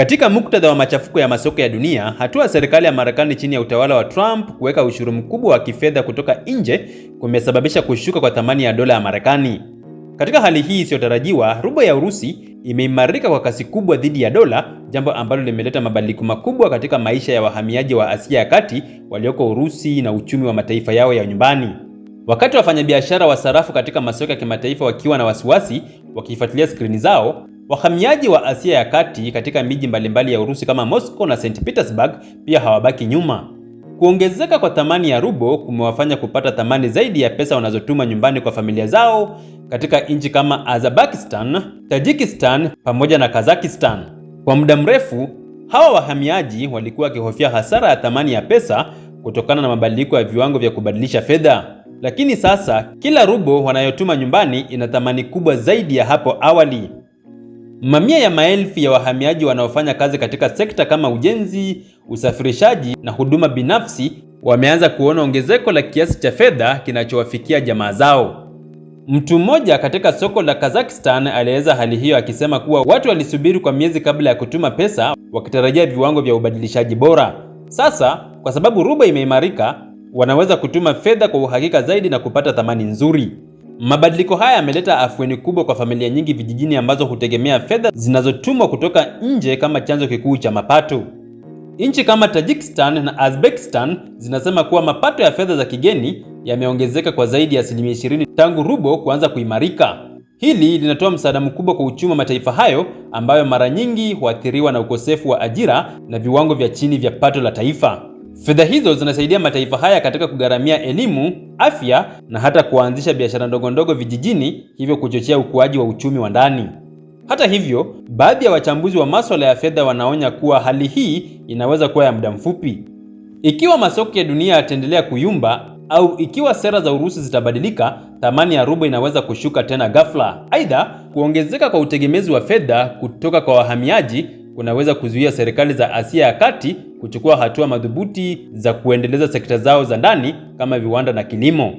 Katika muktadha wa machafuko ya masoko ya dunia, hatua ya serikali ya Marekani chini ya utawala wa Trump kuweka ushuru mkubwa wa kifedha kutoka nje kumesababisha kushuka kwa thamani ya dola ya Marekani. Katika hali hii isiyotarajiwa, rubo ya Urusi imeimarika kwa kasi kubwa dhidi ya dola, jambo ambalo limeleta mabadiliko makubwa katika maisha ya wahamiaji wa Asia ya Kati walioko Urusi na uchumi wa mataifa yao ya nyumbani. Wakati wafanyabiashara wa sarafu katika masoko ya kimataifa wakiwa na wasiwasi wakifuatilia skrini zao, Wahamiaji wa Asia ya Kati katika miji mbalimbali ya Urusi kama Moscow na St. Petersburg pia hawabaki nyuma. Kuongezeka kwa thamani ya rubo kumewafanya kupata thamani zaidi ya pesa wanazotuma nyumbani kwa familia zao katika nchi kama Azerbaijan, Tajikistan pamoja na Kazakhstan. Kwa muda mrefu, hawa wahamiaji walikuwa wakihofia hasara ya thamani ya pesa kutokana na mabadiliko ya viwango vya kubadilisha fedha. Lakini sasa kila rubo wanayotuma nyumbani ina thamani kubwa zaidi ya hapo awali. Mamia ya maelfu ya wahamiaji wanaofanya kazi katika sekta kama ujenzi, usafirishaji na huduma binafsi wameanza kuona ongezeko la kiasi cha fedha kinachowafikia jamaa zao. Mtu mmoja katika soko la Kazakhstan alieleza hali hiyo akisema kuwa watu walisubiri kwa miezi kabla ya kutuma pesa wakitarajia viwango vya ubadilishaji bora. Sasa kwa sababu ruba imeimarika, wanaweza kutuma fedha kwa uhakika zaidi na kupata thamani nzuri. Mabadiliko haya yameleta afueni kubwa kwa familia nyingi vijijini ambazo hutegemea fedha zinazotumwa kutoka nje kama chanzo kikuu cha mapato. Nchi kama Tajikistan na Uzbekistan zinasema kuwa mapato ya fedha za kigeni yameongezeka kwa zaidi ya asilimia 20 tangu rubo kuanza kuimarika. Hili linatoa msaada mkubwa kwa uchumi wa mataifa hayo ambayo mara nyingi huathiriwa na ukosefu wa ajira na viwango vya chini vya pato la taifa. Fedha hizo zinasaidia mataifa haya katika kugharamia elimu, afya na hata kuanzisha biashara ndogondogo vijijini, hivyo kuchochea ukuaji wa uchumi wa ndani. Hata hivyo, baadhi ya wachambuzi wa masuala ya fedha wanaonya kuwa hali hii inaweza kuwa ya muda mfupi. Ikiwa masoko ya dunia yataendelea kuyumba au ikiwa sera za Urusi zitabadilika, thamani ya rubo inaweza kushuka tena ghafla. Aidha, kuongezeka kwa utegemezi wa fedha kutoka kwa wahamiaji kunaweza kuzuia serikali za Asia ya Kati kuchukua hatua madhubuti za kuendeleza sekta zao za ndani kama viwanda na kilimo.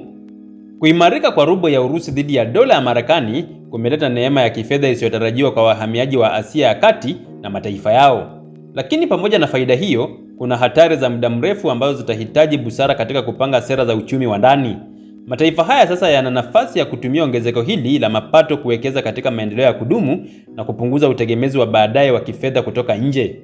Kuimarika kwa rubo ya Urusi dhidi ya dola ya Marekani kumeleta neema ya kifedha isiyotarajiwa kwa wahamiaji wa Asia ya Kati na mataifa yao. Lakini pamoja na faida hiyo, kuna hatari za muda mrefu ambazo zitahitaji busara katika kupanga sera za uchumi wa ndani. Mataifa haya sasa yana nafasi ya kutumia ongezeko hili la mapato kuwekeza katika maendeleo ya kudumu na kupunguza utegemezi wa baadaye wa kifedha kutoka nje.